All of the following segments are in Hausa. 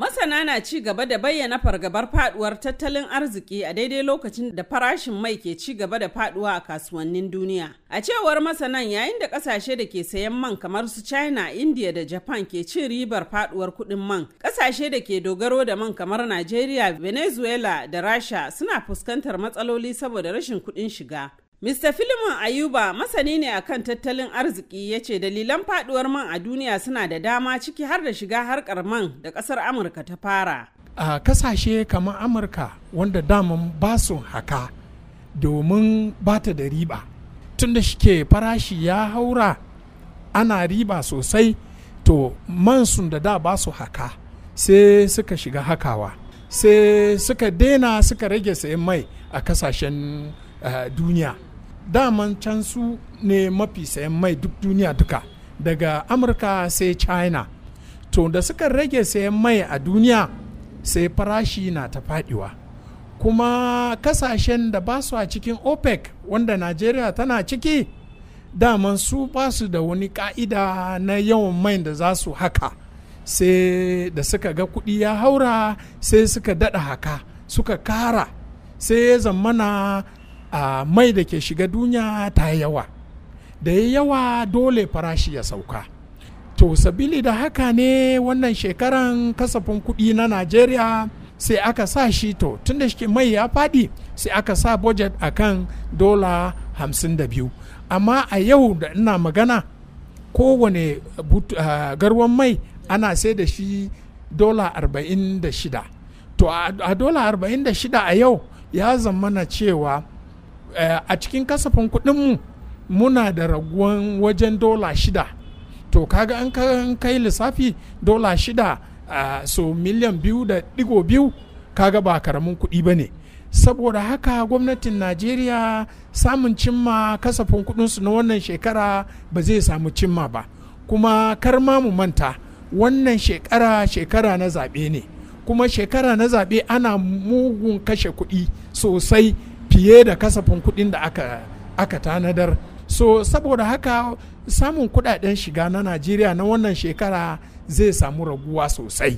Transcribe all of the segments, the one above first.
Masana na ci gaba da bayyana fargabar faduwar tattalin arziki a daidai lokacin da farashin mai ke ci gaba da faduwa a kasuwannin duniya. A cewar masanan yayin da kasashe da ke sayan man kamar su China, India da Japan ke cin ribar faduwar kuɗin man. Kasashe da ke dogaro da man kamar Nigeria, Venezuela da Rasha suna fuskantar matsaloli saboda rashin kuɗin shiga. Mr. Filimon Ayuba masani ne akan tattalin arziki ya ce dalilan faduwar man a duniya suna da dama ciki har da shiga harkar man da kasar Amurka ta fara. A kasashe kamar Amurka wanda daman ba su haka domin ba ta da riba. tunda da shike farashi ya haura ana riba sosai to man sun da da ba su haka sai suka shiga hakawa sai suka daina suka rage sayan mai a kasashen uh, duniya. daman can su ne mafi sayan mai duk duniya duka daga amurka sai china to da suka rage sayan mai a duniya sai farashi na ta faɗiwa kuma kasashen da ba su a cikin opec wanda nigeria tana ciki daman su ba su da wani ka'ida na yawan mai da za su haka sai da suka ga kuɗi ya haura sai suka daɗa haka suka kara sai ya zamana a mai da ke shiga duniya ta yawa da ya yawa dole farashi ya sauka to sabili da haka ne wannan shekaran kasafin kuɗi na najeriya sai aka sa shi to tun shi mai ya faɗi sai aka sa budget akan dola 52 amma a yau da ina magana kowane uh, garwan mai ana sai da shi dola 46 to a dola 46 a yau ya zamana cewa Eh, a cikin kasafin kuɗinmu muna da raguwan wajen dola shida to kaga an kai lissafi dola shida sau eh, so miliyan biyu da ɗigo biyu kaga ba karamin kuɗi ba ne saboda haka gwamnatin najeriya samun cimma kasafin kuɗinsu na wannan shekara ba zai samu cimma ba kuma kar mu manta wannan shekara shekara na zaɓe ne kuma shekara na zaɓe ana mugun kashe kuɗi sosai fiye da kasafin kuɗin da aka, aka tanadar so saboda haka samun kuɗaɗen shiga na najeriya na wannan shekara zai samu raguwa sosai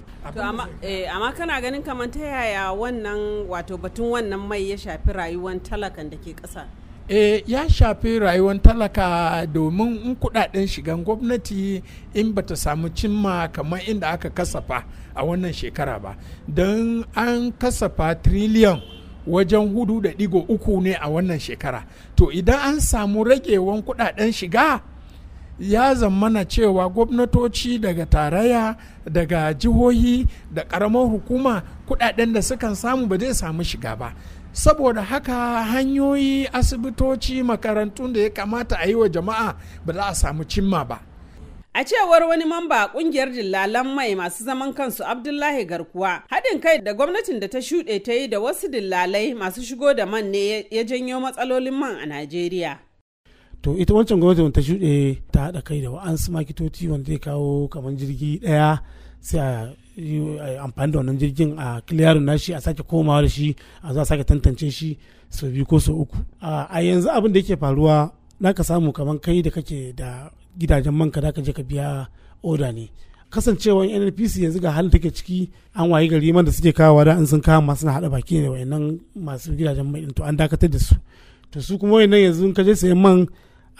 eh, amma kana ganin kamar ta yaya wannan wato batun wannan mai ya shafi rayuwar talakan da ke ƙasa e ya shafi rayuwar talaka domin in kudaden shigan gwamnati in bata samu cimma kamar inda aka kasafa a wannan shekara ba don an kasafa triliyan wajen hudu da digo uku ne a wannan shekara to idan an samu ragewan kudaden shiga ya zamana cewa gwamnatoci daga tarayya daga jihohi da karamar hukuma kudaden da sukan samu ba zai samu shiga ba saboda haka hanyoyi asibitoci makarantun da ya kamata a yi wa jama'a ba za a samu cimma ba A cewar wani mamba kungiyar dillalan mai masu zaman kansu Abdullahi Garkuwa, haɗin kai da gwamnatin da ta shuɗe ta yi da wasu dillalai masu shigo da man ne ya janyo matsalolin man a Najeriya. To ita wancan gwamnatin ta shuɗe ta haɗa kai da wa'ansu makitoci wanda zai kawo kamar jirgi ɗaya sai a amfani da wannan jirgin a na nashi a sake komawa da shi a za a sake tantance shi sau biyu ko sau uku. A yanzu abin da yake faruwa naka samu kamar kai da kake da gidajen manka da ka je ka biya oda ne kasancewar nnpc yanzu ga halin take ciki an wayi gari man da suke kawo da an sun kawo masu na haɗa baki ne wayannan masu gidajen mai to an dakatar da su to su kuma wayannan yanzu ka je sayan man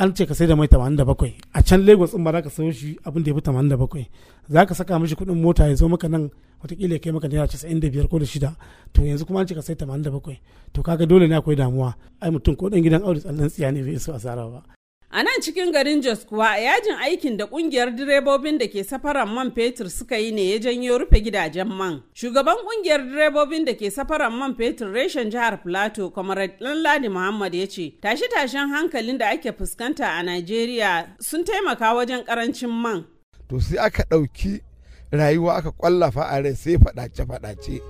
an ce ka sai da mai 87 a can lagos in ba za ka sayo shi abin da ya fi 87 za ka saka mishi kuɗin mota ya zo maka nan watakila ya kai maka naira 95 ko da shida to yanzu kuma an ce ka sai 87 to kaga dole ne akwai damuwa ai mutum ko dan gidan audis tsallan tsiya ne bai so asara ba A nan cikin garin Jos kuwa yajin aikin da kungiyar direbobin da ke safaran man fetur suka yi ne ya janyo rufe gidajen man. Shugaban kungiyar direbobin da ke safaran man fetur reshen jihar Plateau, Comrade Ladi Muhammad ya ce, tashe-tashen hankalin da ake fuskanta a Najeriya sun taimaka wajen karancin man. To sai aka ɗauki rayuwa aka kwallafa a rai sai faɗace-faɗace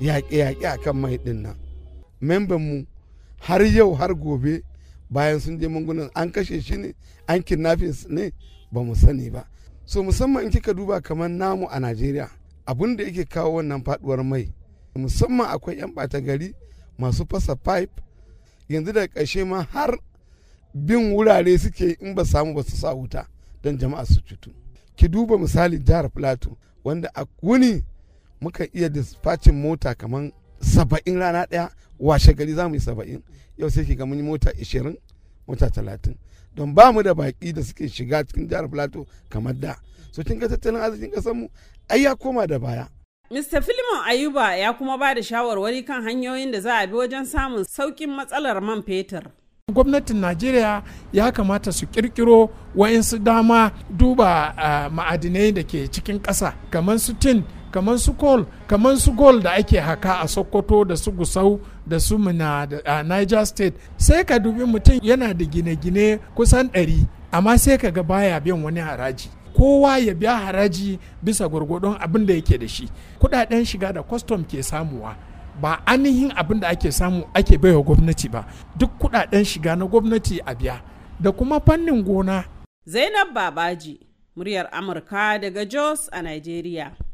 yaƙe-yaƙe akan mai ɗin nan. Membanmu har yau har gobe bayan sun je mungunan an kashe shi ne an kidnapping ne ba mu sani ba so musamman in kika duba kamar namu a najeriya abun da yake kawo wannan faduwar mai musamman akwai 'yan bata gari masu fasa pipe yanzu da ƙarshe ma har bin wurare suke in ba samu ba su sa wuta don jama'a su cutu ki duba misali jihar plateau wanda a wuni muka iya dispatching mota kamar saba'in rana ɗaya washe gari za mu yi saba'in yau sai shiga mun yi mota ishirin mota talatin don ba mu da baƙi da suke shiga cikin jihar plateau kamar da so kin ga tattalin arzikin ƙasar mu ai ya koma da baya Mr. Filimon Ayuba ya kuma ba da shawarwari kan hanyoyin da za a bi wajen samun sauƙin matsalar man fetur. gwamnatin najeriya ya kamata su ƙirƙiro wa'insu dama duba ah, ma'adinai da ke cikin ƙasa kamar su tin kamar su kol kamar su gol da ake haka a sokoto da su gusau da su mina a niger state sai ka dubi mutum yana da gine-gine kusan ɗari amma sai ka ga baya biyan wani haraji kowa ya biya haraji bisa gwargwadon abin da yake da shi kudaden shiga da kwastom ke samuwa ba ainihin abin da ake samu ake baiwa gwamnati ba duk kudaden shiga na gwamnati a biya da kuma fannin gona zainab babaji muryar amurka daga jos a nigeria